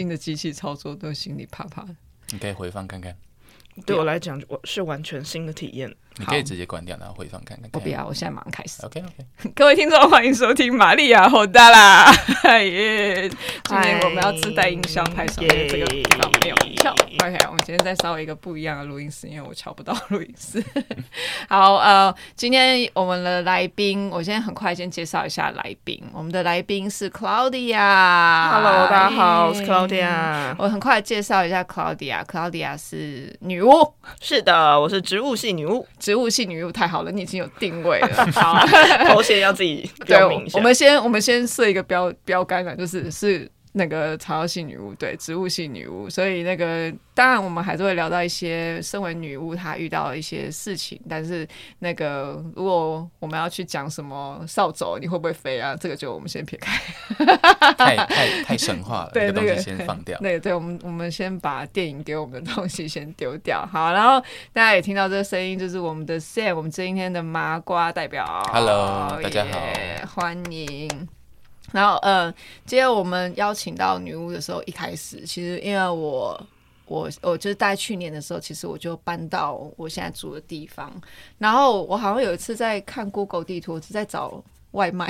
新的機器操作都心裡怕怕的，你可以回放看看。對我來講，我是完全新的體驗。你可以直接關掉，然後回放看看。不必要，我現在馬上開始。OK OK，各位聽眾歡迎收聽瑪利亞·霍達拉。今天我們要自帶音響，派上用這個巧妙。OK，我們今天再稍微一個不一樣的錄音室，因為我瞧不到錄音室。好，呃，今天我們的來賓，我先很快先介紹一下來賓。我們的來賓是 Claudia。Hello，大家好，我是 Claudia。我很快介紹一下 Claudia。Claudia 是女巫，是的，我是植物系女巫。植物系女巫，太好了，你已經有定位了。好，頭銜 要自己表明一下，對，我們先我們先設一個標標杆了，就是是。那個草藥系女巫，對，植物系女巫，所以那個當然我們還是會聊到一些身為女巫她遇到的一些事情，但是那個如果我們要去講什麼掃帚，你會不會飛啊？這個就我們先撇開， 太太太神話了， 對對那個先放掉，對對，對，我們我們先把電影給我們的東西先丟掉。好，然後大家也聽到這個聲音，就是我們的 Sam，我們今天的麻瓜代表，Hello，yeah, 大家好，歡迎。然後，嗯，今天我們邀請到女巫的時候，一開始其實因為我我我就是大概去年的時候，其實我就搬到我現在住的地方。然後我好像有一次在看 Google 地圖，我是在找外賣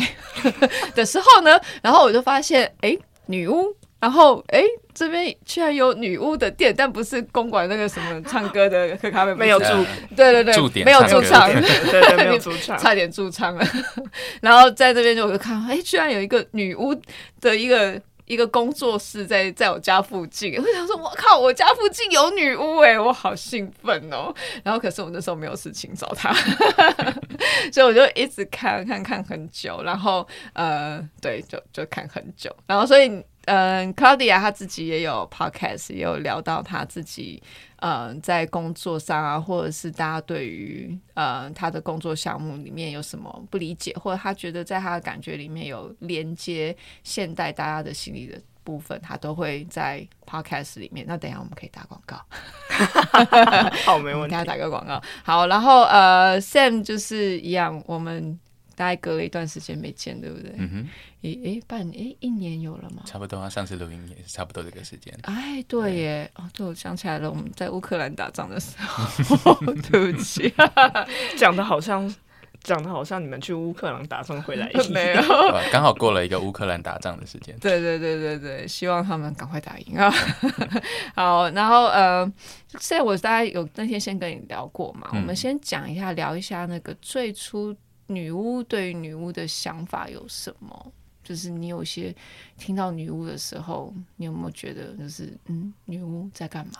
的時候呢，然後我就發現，哎，女巫。然後，哎，這邊居然有女巫的店，但不是公館那個什麼唱歌的喝咖啡沒有駐，對對對，沒有駐唱，對，差點駐唱了。然後在這邊我就看，哎，居然有一個女巫的一個一個工作室在在我家附近。我就想說，我靠，我家附近有女巫哎、欸，我好興奮哦。然後可是我那時候沒有事情找他， 所以我就一直看看看，看很久。然後呃，對，就就看很久。然後所以。嗯，Claudia 他自己也有 podcast，也有聊到他自己，嗯，在工作上啊，或者是大家對於嗯，他的工作項目裡面有什麼不理解，或者他覺得在他的感覺裡面有連接現代大家的心理的部分，他都會在 podcast 裡面。那等一下我們可以打廣告，好、 哦，沒問題，大家打個廣告。好，然後呃，Sam 就是一樣，我們。大概隔了一段時間沒見，對不對？嗯哼，也、欸欸、半誒、欸、一年有了嗎？差不多啊，上次錄音也是差不多這個時間。哎，對耶，對哦，對，我想起來了，我們在烏克蘭打仗的時候， 對不起， 講的好像講的好像你們去烏克蘭打仗回來一樣沒有？ 剛好過了一個烏克蘭打仗的時間。 對對對對對，希望他們趕快打贏啊！ 好，然後呃，現在我大概有那天先跟你聊過嘛，嗯、我們先講一下，聊一下那個最初。女巫對於女巫的想法有什麼？就是你有些聽到女巫的時候，你有沒有覺得就是嗯，女巫在幹嘛？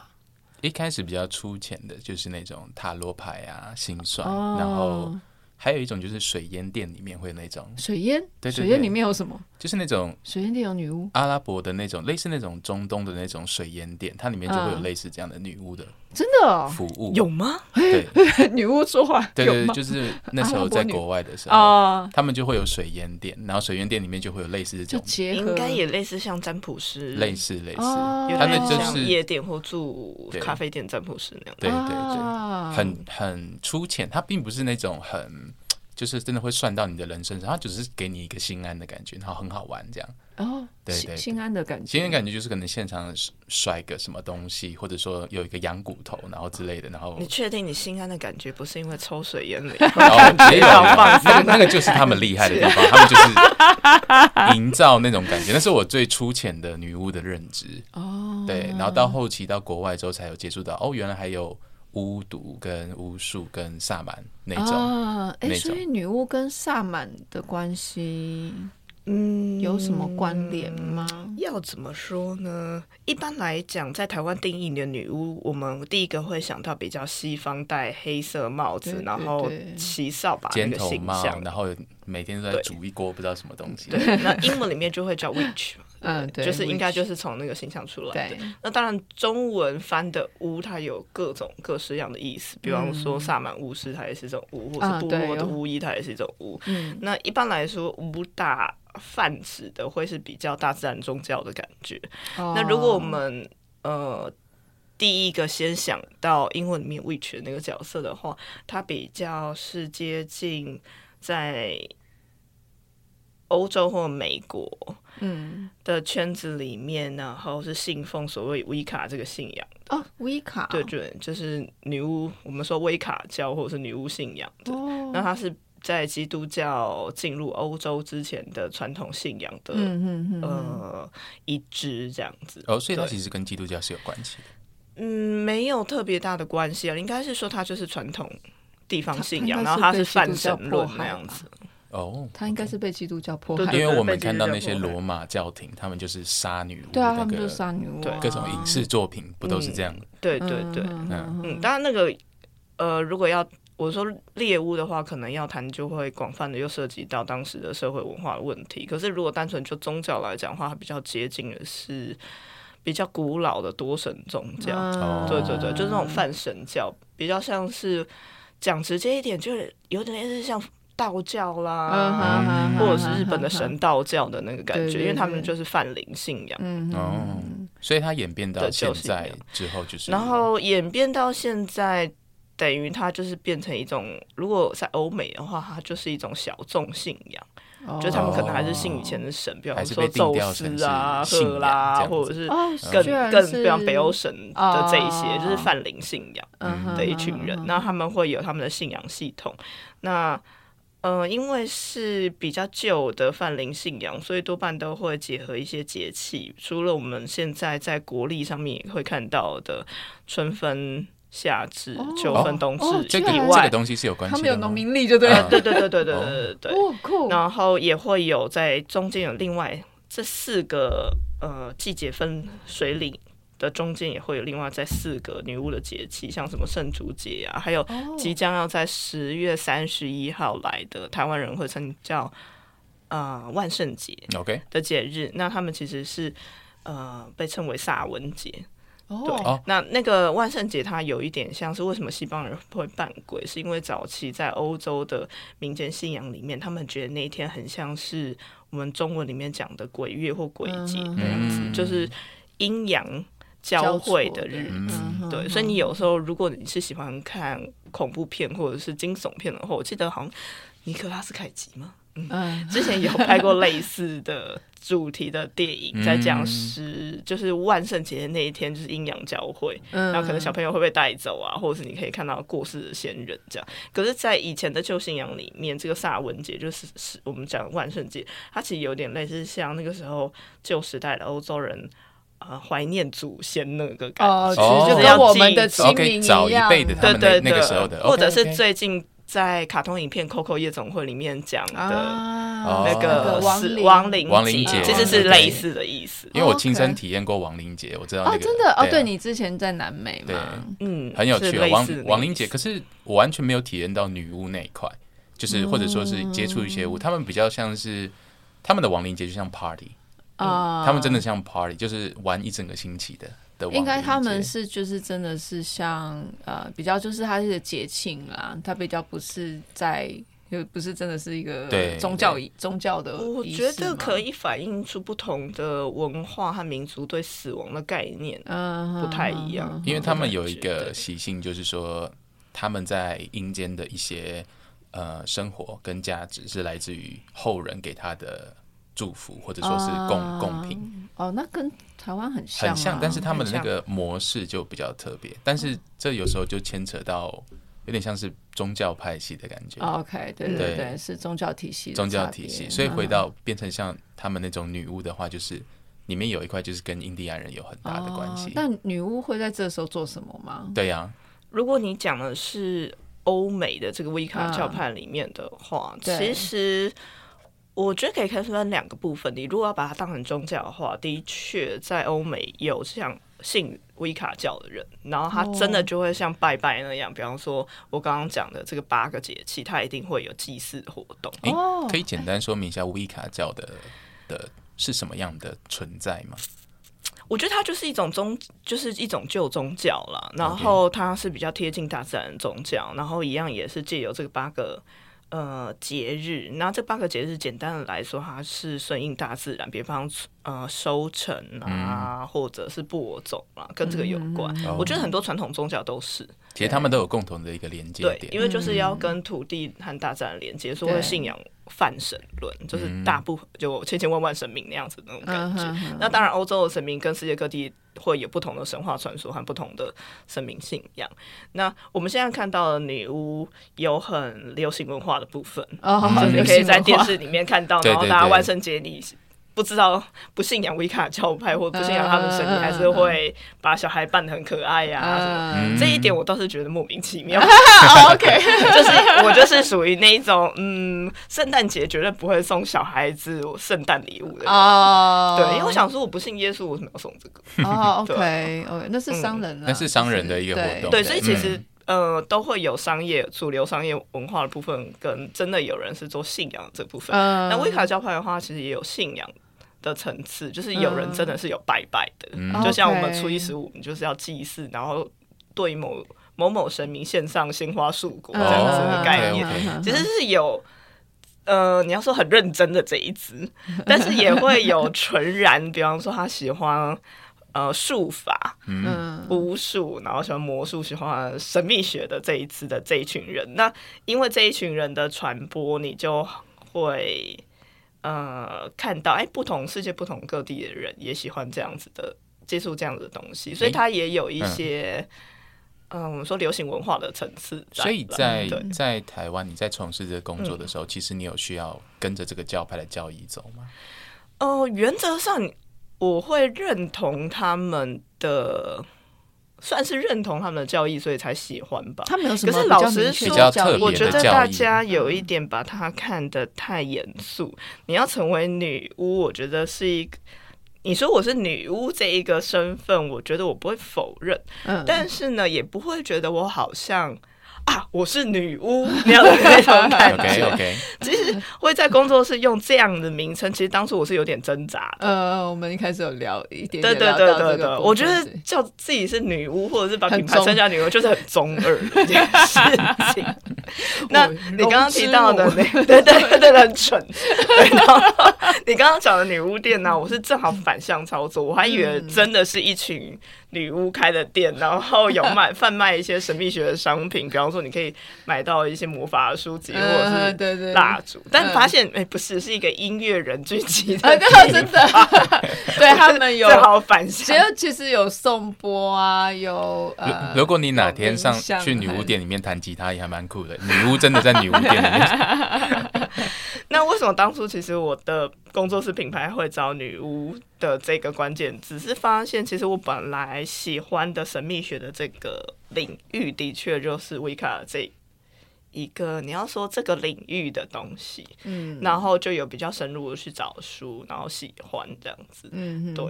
一開始比較粗淺的就是那種塔羅牌啊、心算，哦、然後還有一種就是水煙店裡面會那種水煙煙。對,對,對水煙裡面有什麼？就是那種水煙店有女巫，阿拉伯的那種類似那種中東的那種水煙店，它裡面就會有類似這樣的女巫的。嗯真的，服務有嗎？對，女巫說話，對對，就是那時候在國外的時候啊，他們就會有水煙店，然後水煙店裡面就會有類似的這種，應該也類似像占卜師，類似類似，他們就是夜店或住咖啡店占卜師那樣，對對對，很很粗淺，他並不是那種很。就是真的會算到你的人身上，他只是給你一個心安的感覺，然後很好玩這樣。哦，對，對對，心安的感覺，心安感覺就是可能現場摔個什麼東西，或者說有一個羊骨頭，然後之類的，然後你確定你心安的感覺不是因為抽水煙呢？然後也有，那個就是他們厲害的地方，是他們就是營造那種感覺。 那是我最粗淺的女巫的認知哦，對，然後到後期到國外之後才有接觸到，哦，原來還有。巫毒跟巫術跟薩滿那種，哎，啊，欸，那種。所以女巫跟薩滿的關係，嗯，有什麼關聯嗎？嗯，要怎麼說呢？一般來講，在台灣定義的女巫，我們第一個會想到比較西方戴黑色帽子，對對對，然後騎掃把那個形象，尖頭，然後每天都在煮一鍋不知道什麼東西。對，那英文裡面就會叫 witch。對嗯，對，就是應該就是從那個形象出來的。Witch, 對那當然，中文翻的巫，它有各種各式樣的意思。比方說，薩滿巫師，它也是一種巫，嗯、或者是部落的巫醫，它也是一種巫。嗯、那一般來說，巫大泛指的會是比較大自然宗教的感覺。嗯、那如果我們呃第一個先想到英文裡面 witch 那個角色的話，它比較是接近在，歐洲或美國，嗯的圈子裡面，然後是信奉所謂威卡這個信仰的哦，威卡對對，就是女巫，我們說威卡教或者是女巫信仰的。那她、哦、是在基督教進入歐洲之前的傳統信仰的、嗯、哼哼哼呃一支這樣子。哦，所以它其實跟基督教是有關係。嗯，沒有特別大的關係啊，應該是說她就是傳統地方信仰，他他然後她是泛神論那樣子。哦，他應該是被基督教迫害，因為我們看到那些羅馬教廷，教他們就是殺女巫，那個。對啊，他們就是殺女巫，各種影視作品不都是這樣？嗯、對對對，嗯，當然、嗯、那個呃，如果要我說獵巫的話，可能要談就會廣泛的又涉及到當時的社會文化問題。可是如果單純就宗教來講的話，它比較接近的是比較古老的多神宗教。嗯、對對對，就是那種泛神教，比較像是講直接一點，就是有點類似像。道教啦，或者是日本的神道教的那個感覺，因為他們就是泛靈信仰。哦，所以他演變到現在之後就是，然後演變到現在，等於他就是變成一種，如果在歐美的話，他就是一種小眾信仰。就他們可能還是信以前的神，比如說宙斯啊、赫拉，或者是更更像北歐神的這一些，就是泛靈信仰的一群人。那他們會有他們的信仰系統，那。呃，因為是比較舊的泛靈信仰，所以多半都會結合一些節氣，除了我們現在在國曆上面也會看到的春分、夏至、秋分、冬至以外，哦哦這個，這個東西是有關係的，他們有農民曆，就對了，啊，對對對對對對對，對。哦，對，然後也會有在中間有另外這四個呃季節分水嶺。的中間也會有另外在四個女巫的節氣，像什麼聖燭節啊，還有即將要在十月三十一號來的、Oh. 台灣人會稱叫呃萬聖節，OK 的節日。Okay. 那他們其實是呃被稱為薩文節。哦，那那個萬聖節它有一點像是為什麼西方人會扮鬼，是因為早期在歐洲的民間信仰裡面，他們覺得那一天很像是我們中文裡面講的鬼月或鬼節的樣子，uh huh. 就是陰陽。交匯的日子，嗯、對，嗯、所以你有時候如果你是喜歡看恐怖片或者是驚悚片的話，嗯、我記得好像尼可拉斯凱奇嘛，嗯，嗯之前有拍過類似的主題的電影在，在講是就是萬聖節那一天就是陰陽交匯，嗯，然後可能小朋友會被帶走啊，或者是你可以看到過世的先人這樣。可是，在以前的舊信仰裡面，這個薩文節就是是我們講萬聖節，它其實有點類似像那個時候舊時代的歐洲人。啊，懷念祖先那個感覺，其實就是我們的可以找一輩的他們的那個時候的，或者是最近在卡通影片《COCO 夜總會》裡面講的那個亡亡靈亡靈節，其實是類似的意思。因為我親身體驗過亡靈節，我知道哦，真的哦，對，你之前在南美嘛，嗯，很有趣的亡靈節，可是我完全沒有體驗到女巫那一塊，就是或者說是接觸一些巫，他們比較像是他們的亡靈節就像 party。啊，嗯，他們真的像 party，就是玩一整個星期的的。應該他們是就是真的是像呃比較就是他是一個節慶啊，他比較不是在又不是真的是一個宗教。對宗教的意思。我覺得可以反映出不同的文化和民族對死亡的概念不太一樣，嗯，因為他們有一個習性，就是說他們在陰間的一些對呃生活跟價值是來自於後人給他的。祝福或者說是公公、啊、平哦，那跟台灣很像，啊、很像，但是他們的那個模式就比較特別。像但是這有時候就牽扯到有點像是宗教派系的感覺。哦、OK，對對對，對是宗教體系的，宗教體系。所以回到變成像他們那種女巫的話，啊、就是裡面有一塊就是跟印第安人有很大的關係。那、哦、女巫會在這時候做什麼嗎？對呀、啊，如果你講的是歐美的這個維卡教派裡面的話，啊、其實。我覺得可以看出來，兩個部分。你如果要把它當成宗教的話，的確在歐美有像信威卡教的人，然後他真的就會像拜拜那樣。Oh. 比方說，我剛剛講的這個八個節氣，他一定會有祭祀活動。哎、欸，可以簡單說明一下威卡教的的是什麼樣的存在嗎？我覺得它就是一種宗，就是一種舊宗教啦。然後它是比較貼近大自然的宗教，然後一樣也是借由這個八個。呃，節日，那這八個節日，簡單的來說，它是順應大自然，比方呃收成啊，嗯、或者是播種啦、啊，跟這個有關。嗯嗯嗯，我覺得很多傳統宗教都是。其實他們都有共同的一個連接點對，因為就是要跟土地和大自然連接，所謂信仰泛神論，對就是大部分就千千萬萬神明那樣子的那種感覺。Uh huh huh. 那當然，歐洲的神明跟世界各地會有不同的神話傳說和不同的神明信仰。那我們現在看到的女巫有很流行文化的部分，uh huh. 就是你可以在電視裡面看到，uh huh. 然後大家萬聖節你不知道不信仰維卡教派或不信仰他們的神，還是會把小孩扮的很可愛呀。啊？什麼？嗯、這一點我倒是覺得莫名其妙。OK，就是我就是屬於那一種，嗯，聖誕節絕對不會送小孩子聖誕禮物的人。Oh. 對，因為我想說，我不信耶穌，我為什麼要送這個？哦，OK 那是商人啊，嗯、那是商人的一個活動。對，對，所以其實。呃，都會有商業主流商業文化的部分，跟真的有人是做信仰的這部分。Uh, 那威卡教派的話，其實也有信仰的層次，就是有人真的是有拜拜的，uh, 就像我們初一十五，你就是要祭祀，然後對某某某神明獻上鮮花、素果這樣子的概念。Uh, okay, okay. 其實是有，呃，你要說很認真的這一支，但是也會有純然， 比方說他喜歡。呃，術法、嗯，巫術，然後喜歡魔術，喜歡神秘學的這一次的這一群人，那因為這一群人的傳播，你就會呃看到，哎，不同世界、不同各地的人也喜歡這樣子的，接觸這樣子的東西，所以他也有一些，欸、嗯，我們、嗯、說流行文化的層次。所以在對在台灣，你在從事這個工作的時候，嗯、其實你有需要跟着這個教派的教義走嗎？哦、呃，原則上我會認同他們的，算是認同他們的教義，所以才喜歡吧。他們。可是老實說，我覺得大家有一點把它看得太嚴肅。你要成為女巫，我覺得是一，你說我是女巫這一個身份，我覺得我不會否認。但是呢，也不會覺得我好像。啊、我是女巫的那種感覺。OK OK，其實會在工作室用這樣的名稱，其實當初我是有點掙扎的。呃，我們一開始有聊一點點聊，對對對對對，我覺得叫自己是女巫，或者是把品牌稱叫女巫，就是很中二的事情。 那你剛剛提到的那，對對對，對，對很蠢。對，然後你剛剛講的女巫店呢、啊？我是正好反向操作，我還以為真的是一群女巫開的店，嗯、然後有賣販賣一些神秘學的商品， 比方說你可以買到一些魔法書籍或者是蠟燭。呃、對對，但發現，哎、呃，不是，是一個音樂人聚集的。呃、真的，後 對，他們有正好反向，其實，其實有頌缽啊，有如、呃、如果你哪天上、嗯、去女巫店裡面彈吉他，也還蠻酷的。女巫真的在女巫店裡。 那為什麼當初其實我的工作室品牌會找女巫的這個關鍵？只是發現其實我本來喜歡的神秘學的這個領域的確就是維卡這一個。你要說這個領域的東西，嗯。然後就有比較深入的去找書，然後喜歡這樣子。嗯，對。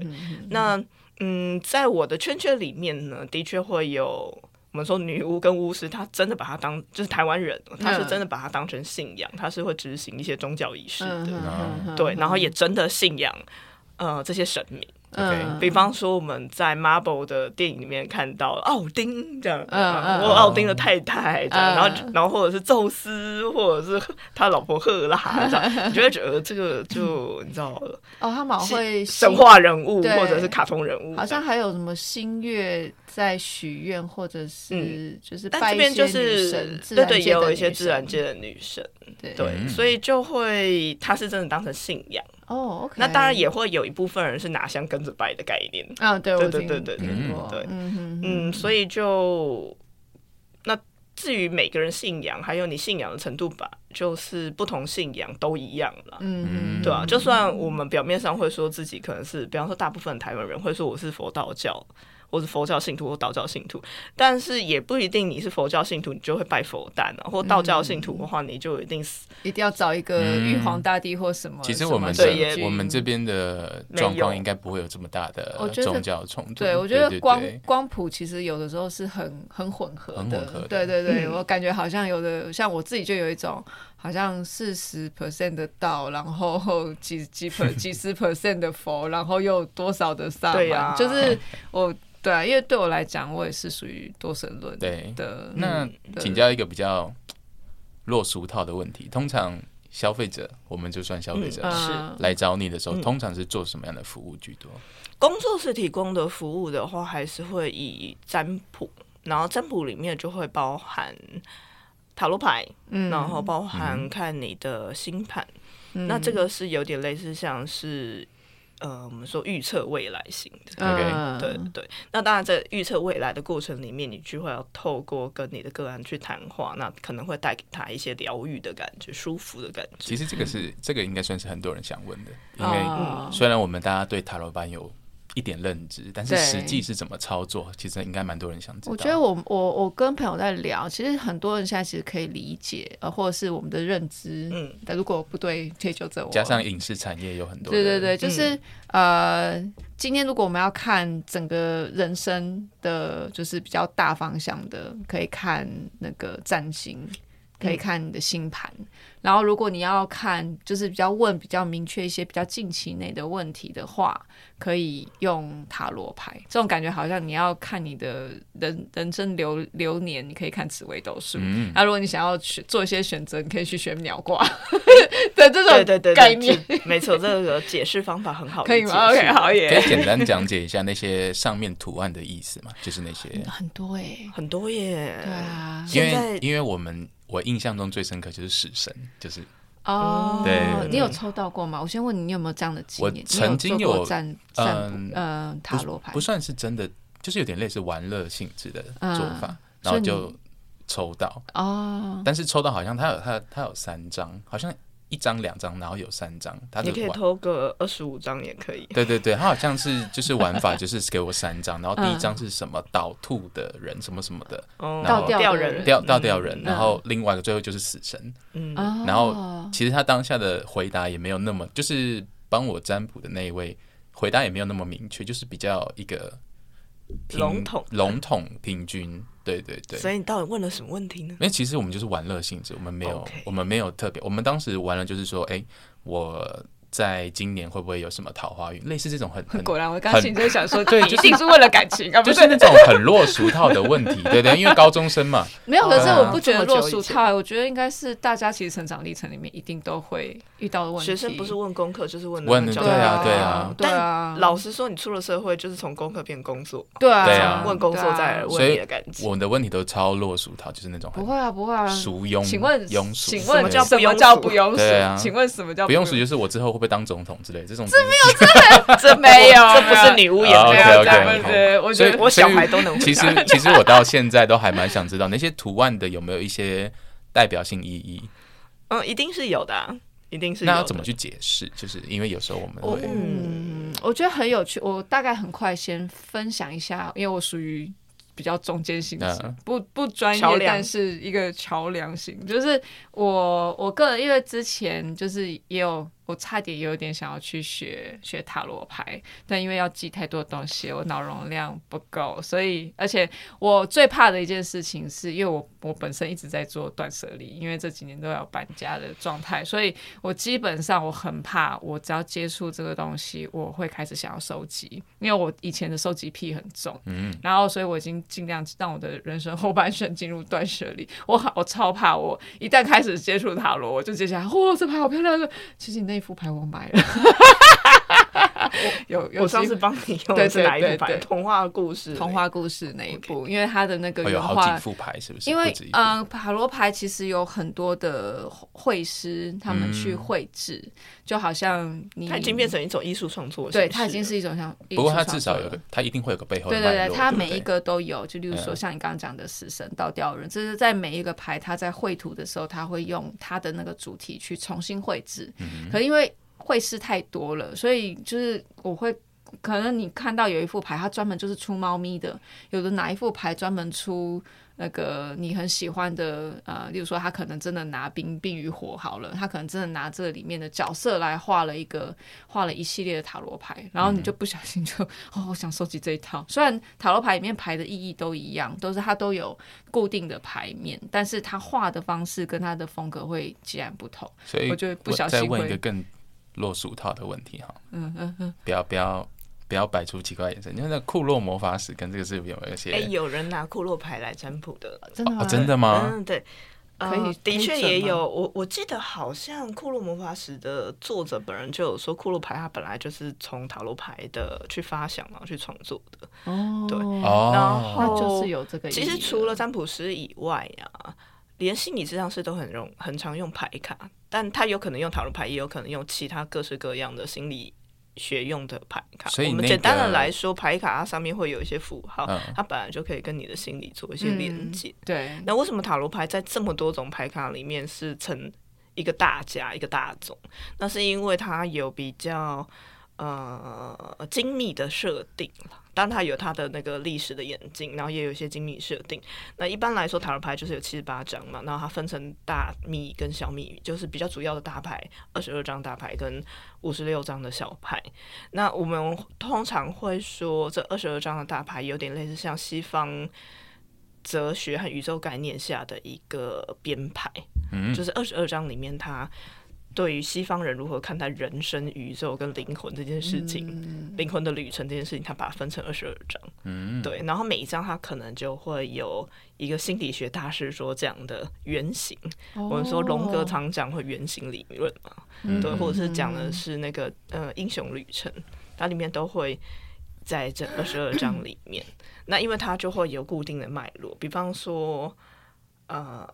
那嗯，在我的圈圈裡面呢，的確會有。我們說女巫跟巫師，他真的把他當，就是台灣人，他是真的把他當成信仰，他是會執行一些宗教儀式的，嗯、對，嗯、然後也真的信仰呃這些神明。嗯，比方說我們在 Marvel 的電影裡面看到奧丁這樣，嗯嗯，奧丁的太太這樣，然後然後或者是宙斯，或者是他老婆赫拉這樣，你就會覺得這個就你知道了哦，他蠻會神話人物或者是卡通人物，好像還有什麼星月在許願，或者是就是但這邊就是對對，也有一些自然界的女神，對對，所以就會他是真的當成信仰。哦，oh, OK，那當然也會有一部分人是拿香跟着拜的概念。Oh, 對，對對對對對，對。嗯，所以就，那至於每個人信仰，還有你信仰的程度吧，就是不同信仰都一樣了。Mm hmm. 對啊，就算我們表面上會說自己可能是，比方說大部分台灣人會說我是佛道教。或是佛教信徒或道教信徒，但是也不一定你是佛教信徒，你就會拜佛丹啊；或道教信徒的話，你就一定死，嗯、一定要找一個玉皇大帝或什麼。其實我們的我們這邊的狀況應該不會有這麼大的宗教衝突。我覺得對，我覺得光對對對光，光譜其實有的時候是很很混合的。合的對對對，我感覺好像有的、嗯、像我自己就有一種。好像四十 percent 的到，然後幾幾 per, 幾十 percent 的否， 然後又有多少的上啊對啊，就是我對啊，因為對我來講，我也是屬於多神論的。對那、嗯、對請教一個比較落俗套的問題，通常消費者，我們就算消費者、嗯、是來找你的時候，通常是做什麼樣的服務居多、嗯？工作室提供的服務的話，還是會以占卜，然後占卜裡面就會包含。塔羅牌，嗯、然後包含看你的星盤，嗯、那這個是有點類似像是，嗯、呃，我們說預測未來型的。Okay. 對，對對，那當然在預測未來的過程裡面，你就會要透過跟你的個案去談話，那可能會帶給他一些療癒的感覺、舒服的感覺。其實這個是這個應該算是很多人想問的，因為雖然我們大家對塔羅班有。一點認知，但是實際是怎麼操作，對其實應該蠻多人想知道。我覺得我我我跟朋友在聊，其實很多人現在其實可以理解，呃，或者是我們的認知，嗯、但如果不對，可以糾正我。加上影視產業有很多，對對對，就是、嗯、呃，今天如果我們要看整個人生的，就是比較大方向的，可以看那個占星。可以看你的星盤，嗯、然後如果你要看就是比較問比較明確一些比較近期內的問題的話，可以用塔羅牌。這種感覺好像你要看你的人人生流流年，你可以看紫微斗數。那、嗯、如果你想要去做一些選擇，你可以去選鳥卦 對，這種對對概念沒錯， 這個解釋方法很好，可以嗎？OK，好耶。可以簡單講解一下那些上面圖案的意思嗎？就是那些很多哎，很多耶，多耶對啊，因為因為我們。我印象中最深刻就是死神，就是哦，oh, 對，你有抽到過嗎？我先問你，你有沒有這樣的經歷？我曾經有占占嗯、呃、塔羅牌不，不算是真的，就是有點類似玩樂性質的做法，嗯、然後就抽到哦，但是抽到好像它有它它有三張，好像。一張、兩張，然後有三張，他就可以投個二十五張也可以。對對對，他好像是就是玩法，就是給我三張，然後第一張是什麼倒吊的人，什麼什麼的，倒吊人，吊倒吊人，然後另外一個最後就是死神。嗯，然後其實他當下的回答也沒有那麼，就是幫我占卜的那一位回答也沒有那麼明確，就是比較一個籠統、籠統平均。對對對，所以你到底問了什麼問題呢？因為其實我們就是玩樂性質，我們沒有，Okay. 我們沒有特別，我們當時玩了就是說，哎、欸，我。在今年會不會有什麼桃花運？類似這種很果然，我剛想說，對，一定是為了感情，就是那種很落俗套的問題，對對，因為高中生嘛。沒有，可是我不覺得落俗套，我覺得應該是大家其實成長歷程裡面一定都會遇到的問題。學生不是問功課，就是問。問對啊，對啊，但老實說，你出了社會，就是從功課變工作，對啊，問工作再問你的感情。我們的問題都超落俗套，就是那種不會啊，不會啊。俗庸？請問庸俗？請問什麼叫不庸叫不庸俗？請問什麼叫不庸俗？就是我之後。會當總統之類這種，這沒有，這沒有，這不是女巫演的，對不對？所以，我小孩都能。其實，其實我到現在都還蠻想知道那些圖案的有沒有一些代表性意義。嗯，一定是有的，一定是。那要怎麼去解釋？就是因為有時候我們，會，嗯，我覺得很有趣。我大概很快先分享一下，因為我屬於比較中間型，不不專業，但是一個橋樑型。就是我，我個人因為之前就是也有。我差點有點想要去學學塔羅牌，但因為要記太多東西，我腦容量不夠，所以而且我最怕的一件事情，是因為我我本身一直在做斷捨離，因為這幾年都要搬家的狀態，所以我基本上我很怕，我只要接觸這個東西，我會開始想要收集。因為我以前的收集癖很重，嗯，然後所以我已經盡量讓我的人生後半生進入斷捨離，我好我超怕我一旦開始接觸塔羅，我就接下來，哇、哦，這牌好漂亮，其實你那。一副牌，王白。有有，我上次幫你用的是哪一部牌？童話故事，童話故事那一部，因為它的那個有好幾副牌，是不是？因為嗯，塔羅牌其實有很多的繪師，他們去繪製，就好像你已經變成一種藝術創作。對，它已經是一種像，不過它至少有，它一定會有個背後。對對對，它每一個都有。就例如說，像你剛剛講的死神、倒吊人，就是在每一個牌，它在繪圖的時候，他會用他的那個主題去重新繪製。可因為。會是太多了，所以就是我會可能你看到有一副牌，它專門就是出貓咪的；有的那一副牌專門出那個你很喜歡的，呃，例如說他可能真的拿冰、冰與火好了，他可能真的拿這裡面的角色來畫了一個，畫了一系列的塔羅牌，然後你就不小心就，嗯，哦我想收集這一套。雖然塔羅牌裡面牌的意義都一樣，都是它都有固定的牌面，但是它畫的方式跟它的風格會截然不同，所以我就不小心會。落俗套的問題哈、嗯，嗯嗯嗯，不要不要不要擺出奇怪的眼神，因為那庫洛魔法使跟這個是不是有沒有一些？哎、欸，有人拿庫洛牌來占卜的，真的對啊？真的嗎？嗯，對，可、呃、以，啊、的確也有。我我記得好像庫洛魔法使的作者本人就有說，庫洛牌他本來就是從塔羅牌的去發想然、啊、後去創作的。哦，對，然後、哦、就是有這個意。其實除了占卜師以外呀、啊。連心理治療師都很容易很常用牌卡，但他有可能用塔羅牌，也有可能用其他各式各樣的心理學用的牌卡。所以，我們簡單的來說，那個、牌卡它上面會有一些符號，嗯、它本來就可以跟你的心理做一些連接、嗯。對。那為什麼塔羅牌在這麼多種牌卡裡面是成一個大家一個大宗？那是因為它有比較呃精密的設定但它有它的那個歷史的演進，然後也有一些精密設定。那一般來說，塔羅牌就是有七十八張嘛，然後它分成大秘跟小秘，就是比較主要的大牌，二十二張大牌跟五十六張的小牌。那我們通常會說，這二十二張的大牌有點類似像西方哲學和宇宙概念下的一個編排，嗯，就是二十二張裡面它。對於西方人如何看待人生、宇宙跟靈魂這件事情，嗯、靈魂的旅程這件事情，他把它分成二十二章。嗯、對，然後每一章他可能就會有一個心理學大師說這樣的原型，哦、我們說榮格常常講會原型理論嘛，嗯、對，或者是講的是那個呃英雄旅程，它裡面都會在這二十二章裡面。咳咳、那因為它就會有固定的脈絡，比方說，呃。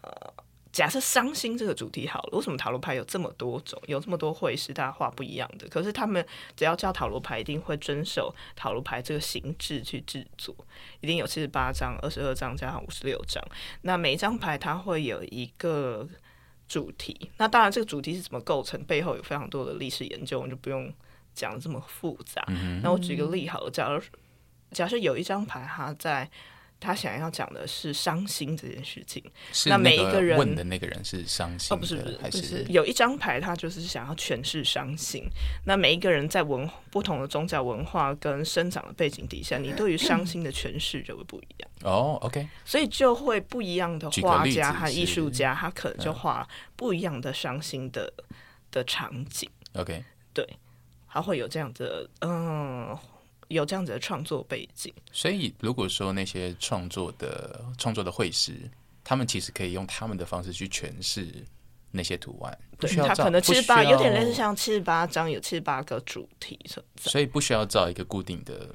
假設傷心這個主題好了，為什麼塔羅牌有這麼多種，有這麼多繪師，大家畫不一樣的？可是他們只要叫塔羅牌，一定會遵守塔羅牌這個形制去製作，一定有七十八張、二十二張加上五十六張。那每一張牌它會有一個主題，那當然這個主題是怎麼構成，背後有非常多的歷史研究，我就不用講這麼複雜。那我舉個例好了，假如假設有一張牌哈在。他想要講的是傷心這件事情。是那個問的那個人是傷心的哦，不是不是，就是有一張牌，他就是想要詮釋傷心。那每一個人在文不同的宗教文化跟生長的背景底下，你對於傷心的詮釋就會不一樣。哦，OK， 所以就會不一樣的畫家和藝術家，他可能就畫不一樣的傷心的的場景。OK， 對，他會有這樣的嗯。呃有這樣子的創作背景，所以如果說那些創作的創作的繪師，他們其實可以用他們的方式去詮釋那些圖案。對，他可能七十八有點類似像七十八張有七十八個主題存在，所以不需要造一個固定的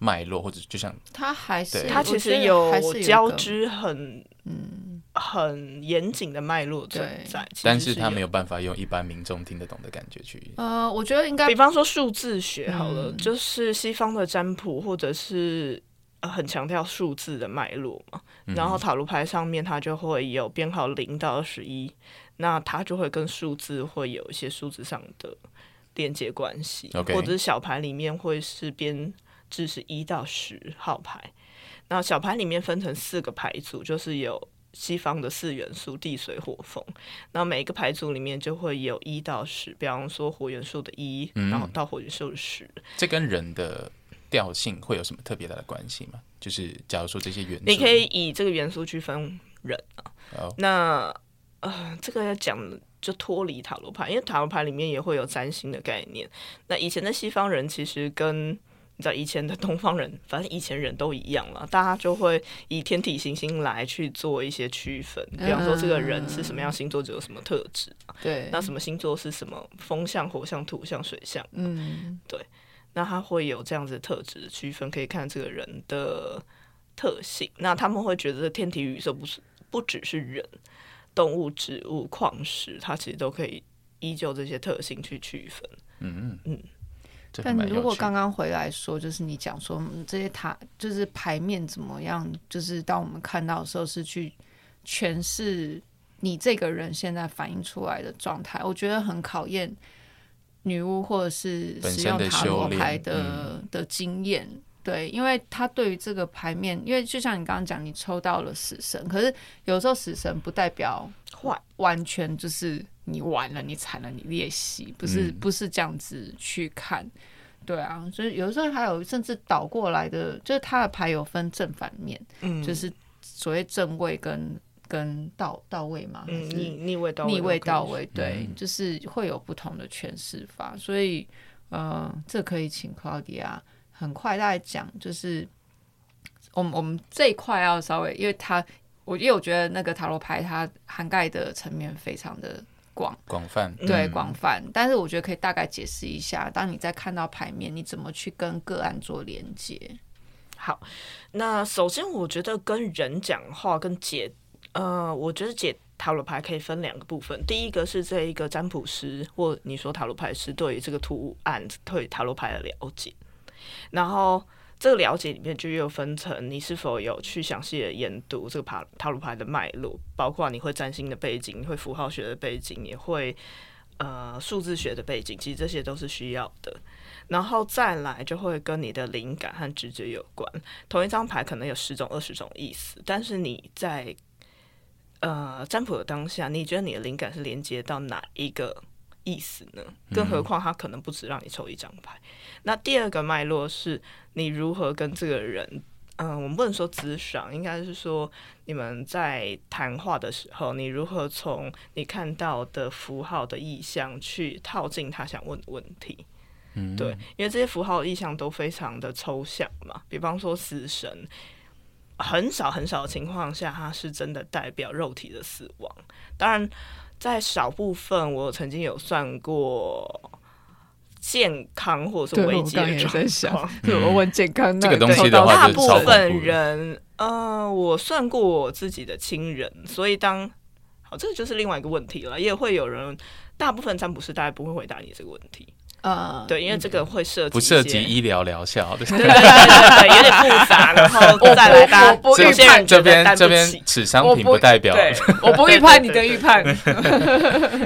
脈絡，或者就像他還是他對其實有交織很。嗯，很嚴謹的脈絡存在，對是，但是他沒有辦法用一般民眾聽得懂的感覺去。呃，我覺得應該，比方說數字學好了，嗯、就是西方的占卜，或者是、呃、很強調數字的脈絡嘛。然後塔羅牌上面，它就會有編號零到二十一，那它就會跟數字會有一些數字上的連接關係。嗯、或者是小牌裡面會是編只是，一到十號牌。然後小牌裡面分成四個牌組，就是有西方的四元素：地、水、火、風。然後每一個牌組裡面就會有一到十，比方說火元素的一，嗯、然後到火元素的十。這跟人的調性會有什麼特別大的關係嗎？就是假如說這些元素，你可以以這個元素去分人啊。Oh. 那呃，這個要講就脫離塔羅牌，因為塔羅牌裡面也會有占星的概念。那以前的西方人其實跟在以前的東方人，反正以前人都一樣了，大家就會以天體行星來去做一些區分。比方說，這個人是什麼樣星座就有什麼特質，啊嗯。對，那什麼星座是什麼風象、火象、土象、水象、啊？嗯，對。那他會有這樣子的特質的區分，可以看這個人的特性。那他們會覺得天體宇宙不是不只是人、動物、植物、礦石，它其實都可以依舊這些特性去區分。嗯嗯。嗯但你如果剛剛回來說，就是你講說這些塔就是牌面怎麼樣，就是當我們看到的時候，是去詮釋你這個人現在反映出來的狀態，我覺得很考驗女巫或者是使用塔羅牌的的經驗。對，因為他對於這個牌面，因為就像你剛剛講，你抽到了死神，可是有時候死神不代表壞，完全就是。你完了，你慘了，你裂隙，不是不是這樣子去看。嗯、對啊，所以有時候還有甚至倒過來的，就是他的牌有分正反面，嗯、就是所謂正位跟跟倒倒位嘛，逆逆位倒位，逆位倒位，對，就是會有不同的詮釋法，嗯、所以嗯、呃，這可以請 Claudia 很快大概講，就是我們我們這一塊要稍微，因為他，我因為我覺得那個塔羅牌它涵蓋的層面非常的。廣廣泛對廣、嗯、泛，但是我覺得可以大概解釋一下，當你在看到牌面，你怎麼去跟個案做連接？好，那首先我覺得跟人講話跟解，呃，我覺得解塔羅牌可以分兩個部分，第一個是這一個占卜師或你說塔羅牌師對於這個圖案對塔羅牌的了解，然後。這個了解裡面就又分成你是否有去詳細的研讀這個塔塔羅牌的脈絡，包括你會占星的背景，會符號學的背景，你會呃數字學的背景，其實這些都是需要的。然後再來就會跟你的靈感和直覺有關。同一張牌可能有十種、二十種意思，但是你在呃占卜的當下，你覺得你的靈感是連接到哪一個意思呢？更何況它可能不止讓你抽一張牌。那第二個脈絡是你如何跟這個人，嗯、呃，我們不能說直爽，應該是說你們在談話的時候，你如何從你看到的符號的意向去套進他想問的問題。嗯，對，因為這些符號的意向都非常的抽象嘛，比方說死神，很少很少的情況下，它是真的代表肉體的死亡。當然，在少部分，我曾經有算過。健康或者說危機的狀況，對，問健康那個東西的話的，大部分人，嗯、呃，我算過我自己的親人，所以當好、哦，這個就是另外一個問題了。也會有人，大部分占卜師大概不會回答你這個問題啊，對，因為這個會涉及不涉及醫療療效的，對，對，對，對，對，對，有點複雜了，然後再來。不預判這邊這邊此商品不代表，我不預判你的預判。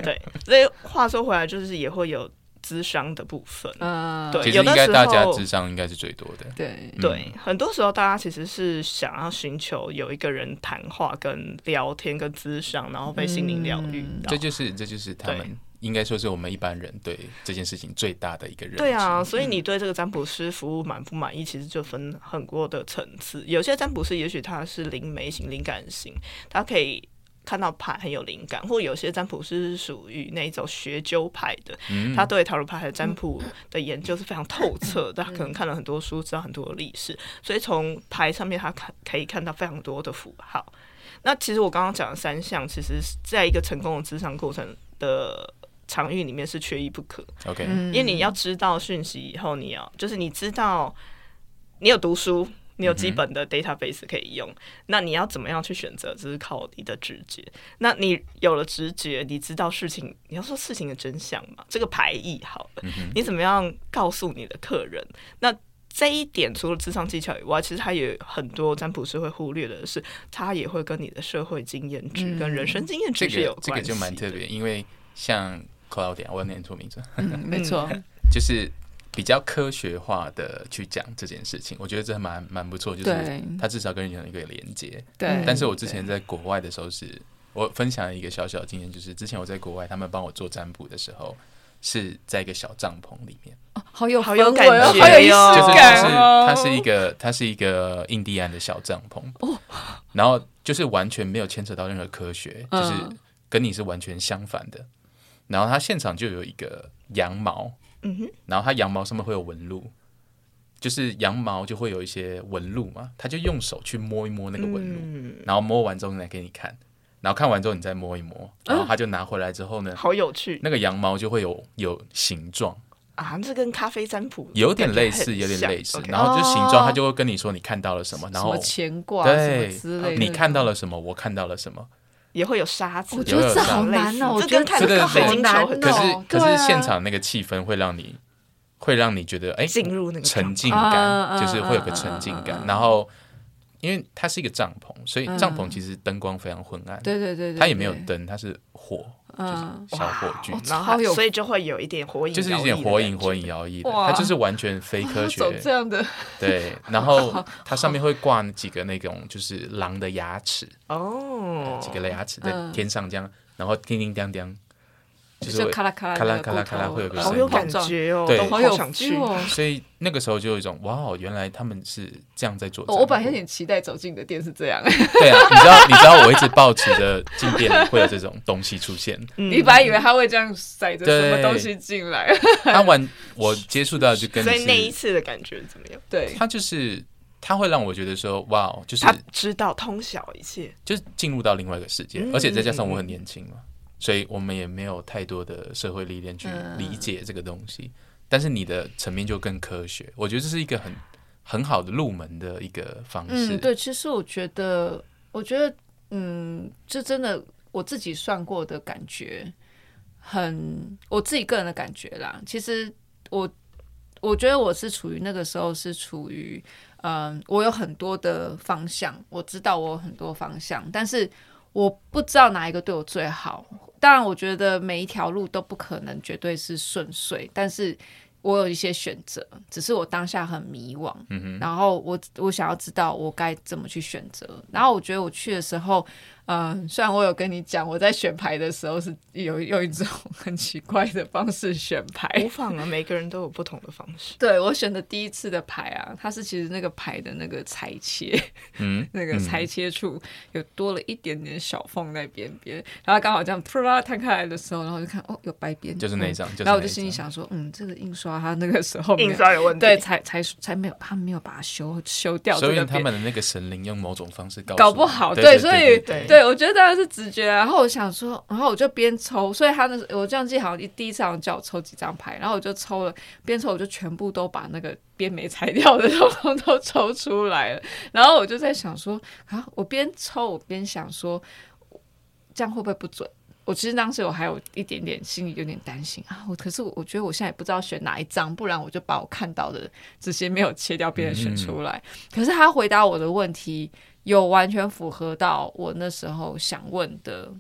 對，所以話說回來，就是也會有。諮商的部分，uh, 對，有的時候大家諮商應該是最多的，對對，很多時候大家其實是想要尋求有一個人談話跟聊天跟諮商，然後被心靈療癒，嗯、這就是這就是他們對應該說是我們一般人對這件事情最大的一個認知。對啊，所以你對這個占卜師服務滿不滿意，嗯、其實就分很多的層次。有些占卜師也許他是靈媒型、靈感型，他可以。看到牌很有靈感，或有些占卜師是屬於那種學究派的，嗯、他對塔羅牌和占卜的研究是非常透徹的，他可能看了很多書，知道很多的歷史，所以從牌上面他看可以看到非常多的符號。那其實我剛剛講的三項，其實在一個成功的諮商過程的場域裡面是缺一不可。OK，因為你要知道訊息以後，你要就是你知道你有讀書。你有基本的 database 可以用，嗯、哼那你要怎麼樣去選擇？只、就是靠你的直覺。那你有了直覺，你知道事情，你要說事情的真相嘛？這個牌意好了，嗯、哼你怎麼樣告訴你的客人？那這一點除了智商技巧以外，其實他也很多占卜師會忽略的是，他也會跟你的社會經驗值、嗯、跟人生經驗值有關係、這個。這個就蠻特別，因為像 Claudia 我念錯名字，嗯、 沒錯，就是。比較科學化的去講這件事情，我覺得這蠻蠻不錯，就是他至少跟人有一個連接。對。但是我之前在國外的時候是，是對我分享了一個小小經驗，就是之前我在國外，他們幫我做占卜的時候，是在一個小帳篷裡面。哦、啊，好有、喔、對好有感覺、喔，好有儀式感哦。它是一個，它是一個印第安的小帳篷、哦、然後就是完全沒有牽扯到任何科學，就是跟你是完全相反的。嗯、然後他現場就有一個羊毛。然後，它羊毛上面會有紋路，就是羊毛就會有一些紋路嘛，他就用手去摸一摸那個紋路，嗯、然後摸完之後再給你看，然後看完之後你再摸一摸，然後他就拿回來之後呢，啊、好有趣，那個羊毛就會有有形狀啊，這跟咖啡占卜有點類似，有點類似，然後就形狀，他、哦、就會跟你說你看到了什麼，然後牽掛對之類的，你看到了什麼，我看到了什麼。也會有沙子，我覺得這好難哦！我覺得這個很難，可是可是現場那個氣氛會讓你，會讓你覺得哎，進入那個沉浸感，就是會有個沉浸感，然後。因為它是一個帳篷，所以帳篷其實燈光非常昏暗。嗯、對，對對對，它也沒有燈，它是火，嗯、就是小火炬子，所以就會有一點火影，就是一點火影火影搖曳。哇，它就是完全非科學的。對，然後它上面會掛幾個那種就是狼的牙齒哦，幾個的牙齒在天上這樣，嗯、然後叮叮噹噹。就咔啦咔啦拉，咔啦咔啦咔啦，會有個聲音，好有感覺哦，對，好有趣哦。所以那個時候就有一種哇哦，原來他們是這樣在做。我本來很期待走進你的店是這樣。對啊，你知道，你知道我一直抱持着進店會有這種東西出現。你本來以為他會這樣塞着什麼東西進來。他完，我接觸到就跟。所以那一次的感覺怎麼樣？對，他就是他會讓我覺得說哇哦，就是他知道通曉一切，就是進入到另外一個世界，而且再加上我很年輕嘛。所以我們也沒有太多的社會歷練去理解這個東西，嗯、但是你的層面就更科學。我覺得這是一個很很好的入門的一個方式，嗯。對，其實我覺得，我覺得，嗯，這真的我自己算過的感覺，很我自己個人的感覺啦。其實我我覺得我是處於那個時候，是處於嗯，我有很多的方向，我知道我有很多方向，但是。我不知道哪一個對我最好，當然，我覺得每一條路都不可能絕對是順遂，但是我有一些選擇，只是我當下很迷惘，嗯哼。然後我我想要知道我該怎麼去選擇，然後我覺得我去的時候。嗯，uh, 雖然我有跟你講，我在選牌的時候是有用一種很奇怪的方式選牌。無妨啊，每個人都有不同的方式。 對，我選的第一次的牌啊，它是其實那個牌的那個裁切，嗯， 那個裁切處有多了一點點小縫在邊邊，嗯、然後剛好這樣撲啦攤開來的時候，然後就看哦，有白邊，就是那一張。然後我就心裡想說，嗯，這個印刷它那個時候沒有印刷有問題。對，裁裁才，才沒有，它沒有把它修修掉。所以他們的那個神靈用某種方式搞搞不好，對，對，對，對，所以對，對，對，對。對，我覺得當然是直覺。然後我想說，然後我就邊抽，所以他那時我這樣記，好像第一次好像叫我抽幾張牌，然後我就抽了，邊抽我就全部都把那個邊沒裁掉的東西都都抽出來了。然後我就在想說啊，我邊抽我邊想說，這樣會不會不準？我其實當時我還有一點點心裡有點擔心啊。我可是我覺得我現在也不知道選哪一張，不然我就把我看到的這些沒有切掉邊的選出來。嗯嗯，可是他回答我的問題。有完全符合到我那時候想問的。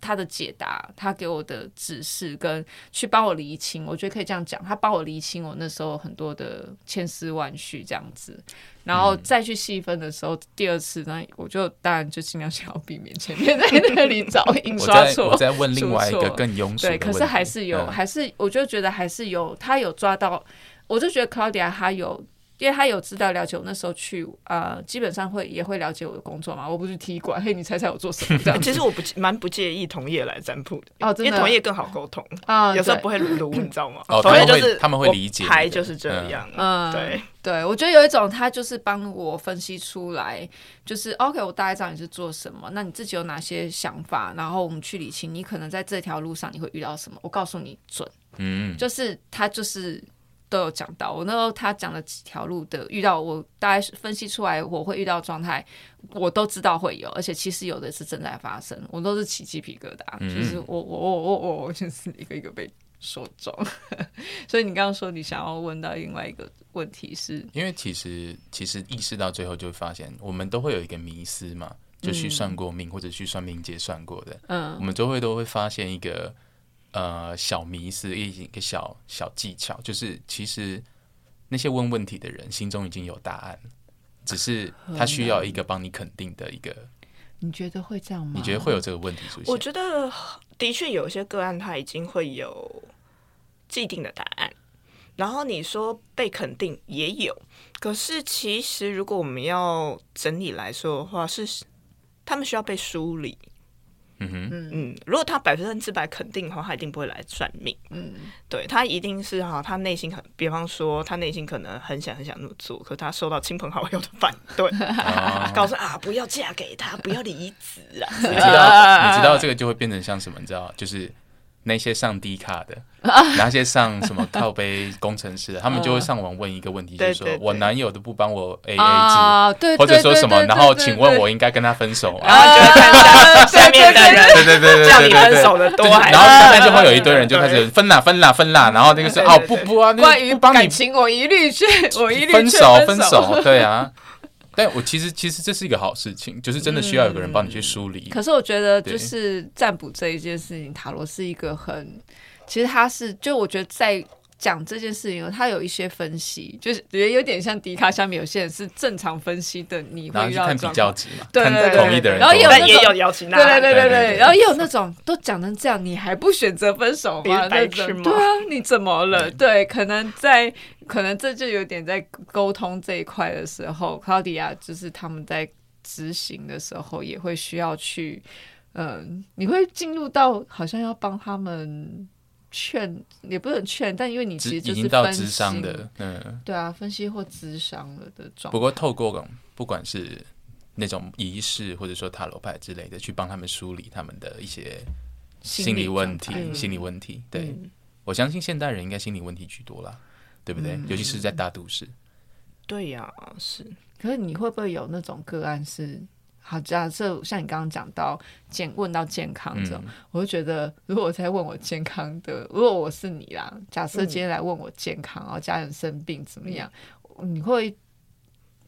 他的解答，他給我的指示跟去幫我釐清，我覺得可以這樣講，他幫我釐清我那時候很多的千絲萬緒這樣子，然後再去細分的時候，嗯、第二次呢，我就當然就儘量想要避免前面在那裡找印 刷錯，我在問另外一個更庸俗，對，可是還是有，嗯、還是我就覺得還是有，他有抓到，我就覺得 Claudia 他有。因為他有知道了解我那時候去，呃，基本上會也會了解我的工作嘛。我不是踢館，嘿，你猜猜我做什麼？其實我不蠻不介意同業來占卜的，哦，真的因為同業更好溝通啊，嗯、有時候不會盧、嗯、你知道嗎？同業、哦、就是他們會理解，還就是這樣。這樣嗯，嗯對對，我覺得有一種他就是幫我分析出來，就是 OK，我大概知道你是做什麼，那你自己有哪些想法，然後我們去理清，你可能在這條路上你會遇到什麼，我告訴你準。嗯，就是他就是。都有講到，我那時候他講了幾條路的遇到，我大概分析出來我會遇到狀態，我都知道會有，而且其實有的是正在發生，我都是起雞皮疙瘩，啊，就是、嗯、我我我我我就是一個一個被說中， 所以你剛剛說你想要問到另外一個問題是，是因為其實其實意識到最後就會發現，我們都會有一個迷思嘛，就去算過命，嗯、或者去算命節算過的，嗯，我們都會都會發現一個，呃，小迷思一個小小技巧，就是其實那些問問題的人心中已經有答案，只是他需要一個幫你肯定的一個。你覺得會這樣嗎？你覺得會有這個問題出現？我覺得的確有一些個案他已經會有既定的答案，然後你說被肯定也有，可是其實如果我們要整理來說的話，是他們需要被梳理。嗯哼，嗯，嗯，如果他百分之百肯定的話，他一定不會來算命。嗯，對，他一定是哈，他內心很，比方說，他內心可能很想很想那麼做，可他受到親朋好友的反對， 啊、告訴啊，不要嫁給他，不要離職啊。你知道，你知道這個就會變成像什麼？你知道，就是。那些上 D 卡的，那些上什麼靠杯工程師的，他們就會上網問一個問題，就是說我男友都不幫我 AA 制，或者說什麼，然後請問我應該跟他分手？然後就會看到下面的人，對對對對對對對，分手的都來。然後下面就會有一堆人就開始分啦分啦分啦，然後那個是哦不不啊，關於感情我一律勸我一律分手分手，對啊。但我其實其實這是一個好事情，就是真的需要有個人幫你去梳理、嗯。可是我覺得，就是占卜這一件事情，對塔羅是一個很，其實他是，就我覺得在。.講這件事情，他有一些分析，就是覺得有點像迪卡，下面有些人是正常分析的，你會遇到比較急嘛？對對對。然後也有邀請，對對對對。然後也有那種，有有那種都講成這樣，你還不選擇分手，白痴嗎？對啊，你怎麼了？嗯、對，可能在，可能這就有點在溝通這一塊的時候，Claudia 就是他們在執行的時候也會需要去，嗯，你會進入到好像要幫他們。勸也不能勸，但因為你其實就是分析已經到諮商的，嗯，對啊，分析或諮商了的狀。不過透過不管是那種儀式，或者說塔羅牌之類的，去幫他們梳理他們的一些心理問題、心理，心理問題。對，嗯、我相信現代人應該心理問題居多啦，對不對？嗯、尤其是在大都市。對呀，是。可是你會不會有那種個案是？好，假設像你剛剛講到健問到健康的，嗯、我就覺得如果我在問我健康的，如果我是你啦，假設今天來問我健康，嗯、然後家人生病怎麼樣，嗯、你會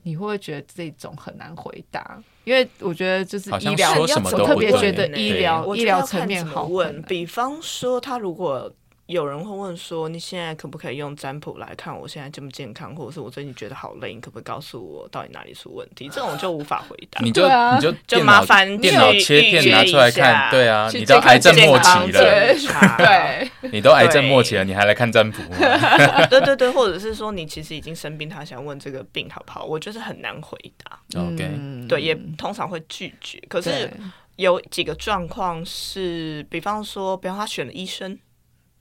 你會不會覺得這種很難回答？因為我覺得就是醫療我特別覺得醫療醫療層面好問，比方說他如果。有人會問說：“你現在可不可以用占卜來看我現在健不健康，或者是我最近覺得好累，你可不可以告訴我到底哪裡出問題？”這種就無法回答。你就、啊、你就,腦、就麻煩、電腦電腦切片拿出來看，對啊，你都癌症末期了， 對， 你都癌症末期了，你還來看占卜？ 對對對，或者是說你其實已經生病，他想問這個病好不好？我就是很難回答。OK，、嗯、對，也通常會拒絕。可是有幾個狀況是，比方說，比方他選了醫生。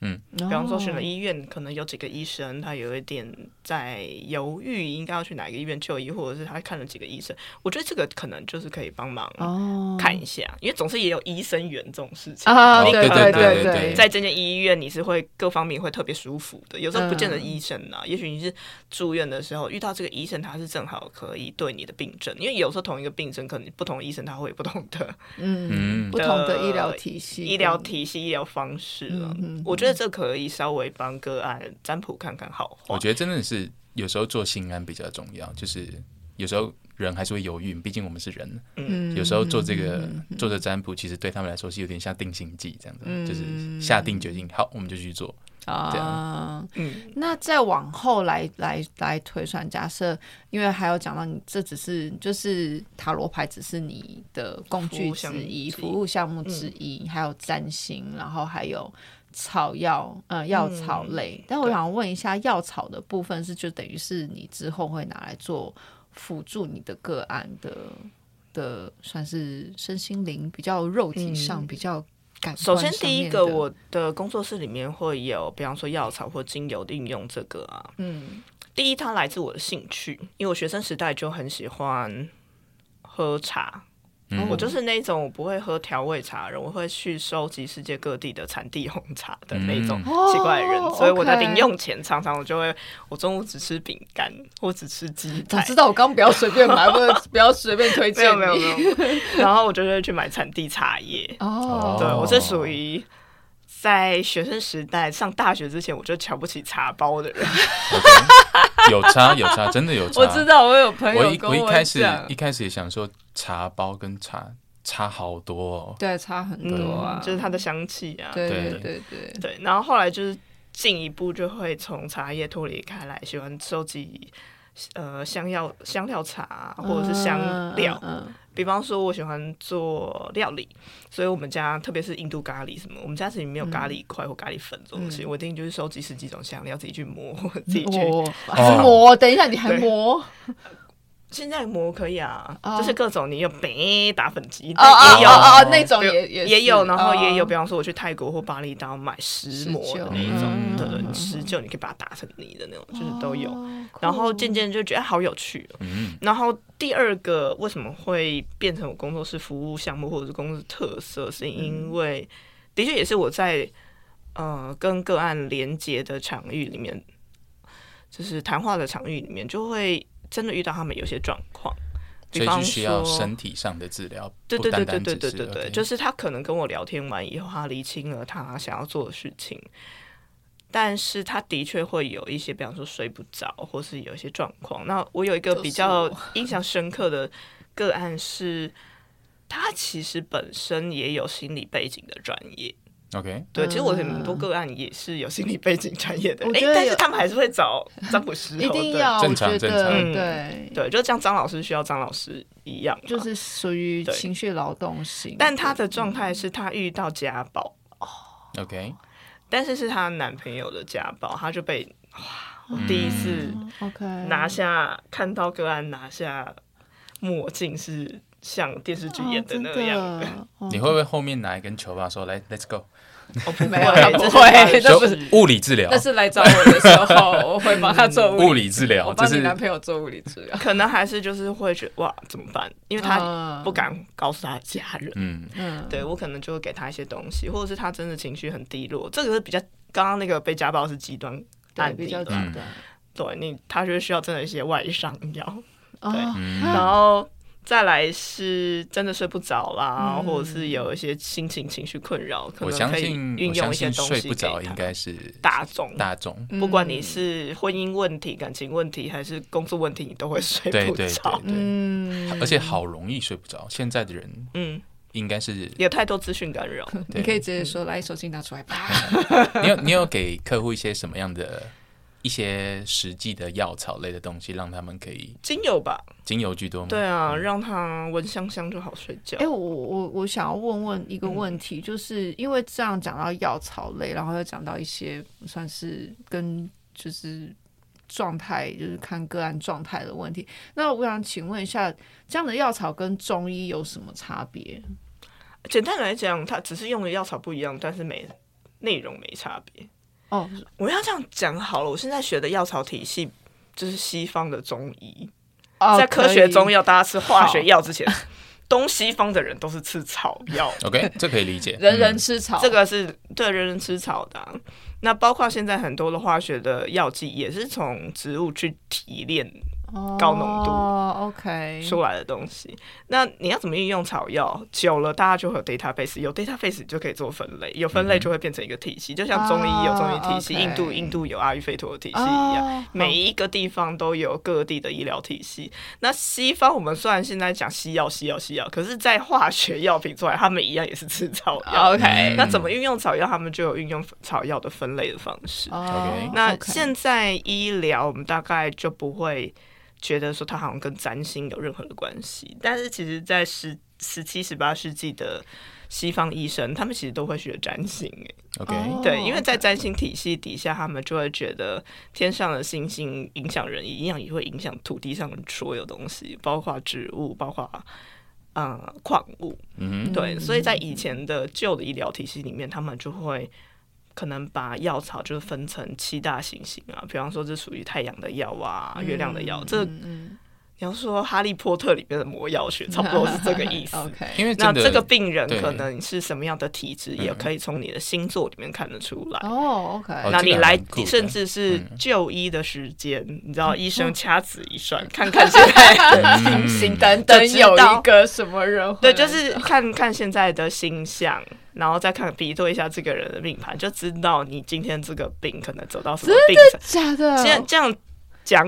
嗯，比方說，選了醫院，可能有幾個醫生，他有一點在猶豫，應該要去哪個醫院就醫，或者是他看了幾個醫生，我覺得這個可能就是可以幫忙哦，看一下、哦，因為總是也有醫生緣這種事情啊、哦。對對對，對、嗯，在這間醫院你是會各方面會特別舒服的，有時候不見得醫生啊，嗯、也許你是住院的時候遇到這個醫生，他是正好可以對你的病症，因為有時候同一個病症可能不同醫生他會有不同的嗯的不同的醫療體系、嗯、醫療體系、醫療方式啊，我覺得。這這可以稍微幫個案占卜看看好。我覺得真的是有時候做心安比較重要，就是有時候人還是會猶豫，畢竟我們是人。嗯，有時候做這個、嗯、做這個占卜，其實對他們來說是有點像定心劑這樣子，嗯、就是下定決心，好，我們就去做啊。這樣，嗯，那再往後來來來推算，假設因為還有講到你，這只是就是塔羅牌，只是你的工具之一，服務項目之一，之一嗯、還有占星，然後還有。草藥，嗯、呃，藥草類。嗯、但我想問一下，對藥草的部分是就等於是你之後會拿來做輔助你的個案的的，算是身心靈比較肉體上、嗯、比較感。首先第一個，我的工作室裡面會有，比方說藥草或精油的應用，這個啊，嗯，第一它來自我的興趣，因為我學生時代就很喜歡喝茶。嗯、我就是那種我不會喝調味茶的人，然後我會去收集世界各地的產地紅茶的那種奇怪的人，哦、所以我在零用錢常常我就會，我中午只吃餅乾或只吃雞蛋。知道我剛不要隨便買， 不，不要不要隨便推薦，沒有沒有沒有，然後我就會去買產地茶葉。哦， 對，我是屬於在學生時代上大學之前，我就瞧不起茶包的人。Okay. 有差有差，真的有差。我知道我有朋友我，我一我一開始 一開始也想說茶包跟茶差好多哦，對，差很多啊，嗯，就是它的香氣啊，對對對對對。然後後來就是進一步就會從茶葉脫離開來，喜歡收集。呃，香料香料茶，或者是香料。嗯嗯嗯、比方說，我喜歡做料理，所以我們家特別是印度咖喱什麼，我們家是沒有咖喱塊或咖喱粉這種東西，嗯、我一定就是收集十幾種香料，自己去磨，自己去、嗯啊、磨。等一下，你還磨？現在磨可以啊，oh. 就是各種你有唄打粉機、oh. 也有那種也也也有，然後也有、oh. 比方說我去泰國或巴厘島買石磨的那一種的石臼，你可以把它打成泥的那種，oh. 就是都有。然後漸漸就覺得好有趣、哦。Oh, cool. 然後第二個為什麼會變成我工作室服務項目或者是工作特色，是因為的確也是我在呃跟個案連接的場域裡面，就是談話的場域裡面就會。真的遇到他們有些狀況，比方說，所以需要身體上的治療。對對對對對對對對，就是他可能跟我聊天完以後，他釐清了他想要做的事情，但是他的確會有一些，比方說睡不着，或是有一些狀況。那我有一個比較印象深刻的個案是，他其實本身也有心理背景的專業。OK，對，其實我很多個案也是有心理背景專業的，哎，但是他們還是會找張老師，一定要，正常，正常，對，對，就像張老師需要張老師一樣，就是屬於情緒勞動型，但她的狀態是她遇到家暴，OK，但是是她男朋友的家暴，她就被哇，第一次 OK 拿下，看到個案拿下墨鏡是像電視劇演的那樣，你會不會後面拿一根球棒說，來，Let's go。我沒有不會，他不，會不是物理治療。但是來找我的時候， 我會幫他做物理治療。嗯、治我幫你男朋友做物理治療，是可能還是就是會覺得：哇，怎麼辦？因為他不敢告訴他家人。嗯，對，我可能就會給他一些東西，或者是他真的情緒很低落，這個是比較剛剛那個被家暴是極端案例的。對，嗯、對，你他就是需要真的一些外傷藥。對，哦、然後。 再來是真的睡不着啦，嗯、或者是有一些心情、情緒困擾，我相信可能可以運用一些東西。睡不着應該是大宗，大宗，大宗，不管你是婚姻問題、感情問題還是工作問題，你都會睡不着。對對，對，對，對、嗯、而且好容易睡不着。現在的人，嗯，應該是、嗯、有太多資訊干擾。你可以直接說，來、嗯、手機拿出來吧。 你有你有給客戶一些什麼樣的？一些實際的藥草類的東西，讓他們可以精油吧，精油居多嗎？對啊，讓他聞香香就好睡覺。哎、欸，我我我想要問問一個問題，嗯、就是因為這樣講到藥草類，然後又講到一些算是跟就是狀態，就是看個案狀態的問題。那我想請問一下，這樣的藥草跟中醫有什麼差別？簡單來講，它只是用的藥草不一樣，但是沒內容沒差別。哦，我要這樣講好了。我現在學的藥草體系就是西方的中醫，哦、在科學中藥以大家吃化學藥之前，好東西方的人都是吃草藥。 OK，這可以理解，人人吃草，嗯、這個是對人人吃草的、啊。那包括現在很多的化學的藥劑也是從植物去提煉。高濃度，OK，出來的東西。Oh, okay. 那你要怎麼運用草藥？久了大家就會有 database，有 database 就可以做分類，有分類就會變成一個體系。Mm hmm. 就像中醫有中醫體系，oh, okay. 印度印度有阿育吠陀體系一樣，oh, okay. 每一個地方都有各地的醫療體系。那西方我們雖然現在講西藥，西藥，西藥，可是，在化學藥品之外，他們一樣也是吃草藥。OK，mm hmm. 那怎麼運用草藥？他們就有運用草藥的分類的方式。Oh, OK，那現在醫療我們大概就不會。覺得說他好像跟占星有任何的關係，但是其實，在十十七、十八世紀的西方醫生，他們其實都會學占星。誒，OK 對，因為在占星體系底下，他們就會覺得天上的星星影響人影響，一樣也會影響土地上的所有東西，包括植物，包括呃礦物。嗯、Mm-hmm. 對，所以在以前的舊的醫療體系裡面，他們就會。可能把藥草就是分成七大行星啊，比方說這屬於太陽的藥啊，嗯、月亮的藥。這、嗯嗯、你要說《哈利波特》裡面的魔藥學，差不多是這個意思。 OK，因為那這個病人可能是什麼樣的體質，也可以從你的星座裡面看得出來。哦，OK，、嗯嗯、那你來你甚至是就醫的時間，嗯嗯，你知道醫生掐指一算， 看看現在的 行星等等有一個什麼人，對，就是看看現在的星象。然後再看比對一下這個人的命盤，就知道你今天這個病可能走到什麼病程。真的假的？現在這樣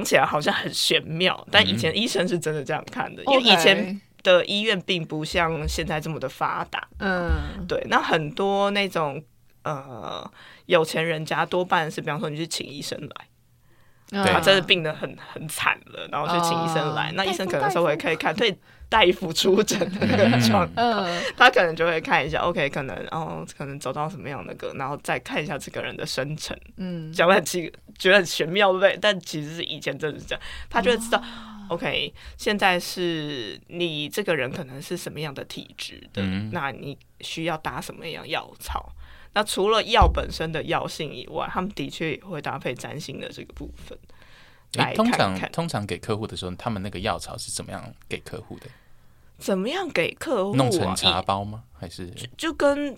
講起來好像很玄妙，嗯、但以前醫生是真的這樣看的，Okay. 因為以前的醫院並不像現在這麼的發達。嗯，對。那很多那種呃有錢人家多半是，比方說你去請醫生來，啊、嗯，真的病得很很慘了，然後去請醫生來，嗯、那醫生可能稍微可以看對。大夫出診的那個狀態，他可能就會看一下，OK，可能，哦，可能走到什麼樣的歌、那個，然後再看一下這個人的生辰，講得很奇，覺得很玄妙對，但其實是以前真的是這樣，他就會知道哇，OK，現在是你這個人可能是什麼樣的體質的，嗯、那你需要打什麼樣藥草？那除了藥本身的藥性以外，他們的確也會搭配占星的這個部分。通常通常給客戶的時候，他們那個藥草是怎麼樣給客戶的？怎麼樣給客戶、啊？弄成茶包嗎？誒還是就跟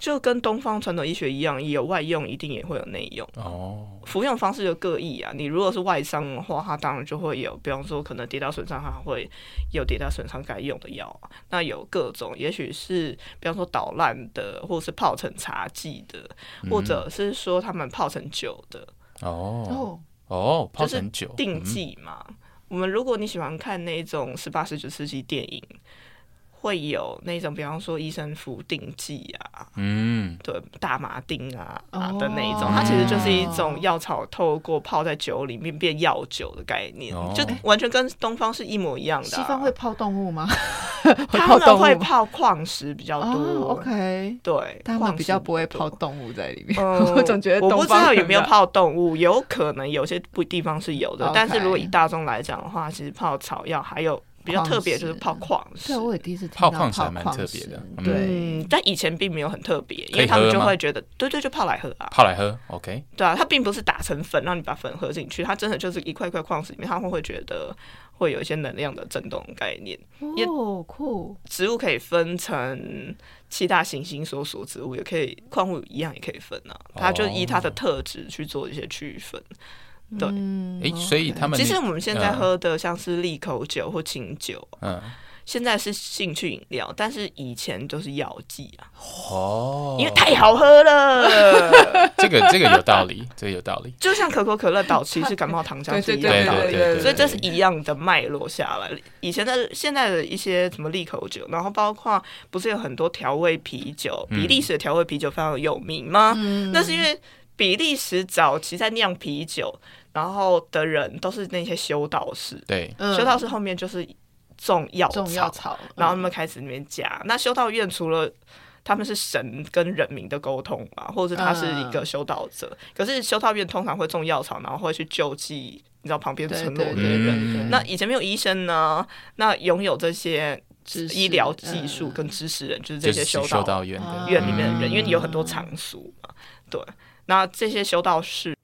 就跟東方傳統醫學一樣，有外用，一定也會有內用哦。服用方式就各異啊。你如果是外傷的話，它當然就會有，比方說可能跌打損傷，它會有跌打損傷該用的藥、啊、那有各種，也許是比方說搗爛的，或者是泡成茶劑的，嗯、或者是說他們泡成酒的哦。哦，成就是定記嘛。嗯，我們，如果你喜歡看那種十八、十九世紀電影。會有那種，比方說醫生服定劑啊，嗯，對，大麻丁啊，啊的那一種，哦、它其實就是一種藥草透過泡在酒裡面變藥酒的概念，哦、就完全跟東方是一模一樣的。啊，西方會泡動物嗎？ 物嗎？他們會泡礦石比較多。哦、OK，對，他們比較不會泡動物在裡面。嗯、 我總覺得東方，我不知道有沒有泡動物，有可能有些地方是有的，Okay. 但是如果以大眾來講的話，其實泡草藥還有。比較特別就是泡礦，我也第一次聽到泡礦還蠻特別的。嗯、對，但以前並沒有很特別，因為他們就會覺得，對對，對，就泡來喝啊。泡來喝，OK。對啊，它並不是打成粉讓你把粉喝進去，它真的就是一塊塊礦石裡面，他們會覺得會有一些能量的震動的概念。哦，酷！植物可以分成七大行星所屬植物，也可以礦物一樣也可以分啊，它就依它的特質去做一些區分。哦對，哎、嗯，欸，所以他們其實我們現在喝的像是利口酒或清酒，嗯，嗯，現在是興趣飲料，但是以前都是藥劑啊，哦，因為太好喝了。嗯、這個這個有道理，這個有道理。 道理就像可口可、可樂早期是感冒糖漿是一樣道理。所以這是一樣的脈絡下來。以前的現在的一些什麼利口酒，然後包括不是有很多調味啤酒，嗯、比利時的調味啤酒非常有名嗎？嗯、那是因為。比利時早期在釀啤酒，然後的人都是那些修道士。對，嗯、修道士後面就是種藥草，藥草，然後他們開始裡面加。嗯、那修道院除了他們是神跟人民的溝通吧，或者是他是一個修道者，嗯、可是修道院通常會種藥草，然後會去救濟你知道旁邊村落的人。對對對那以前沒有醫生呢，嗯、那擁有這些醫療技術跟知識人知識、嗯、就是這些修道院院裡面的人，因為你有很多藏書嘛，對。那這些修道士。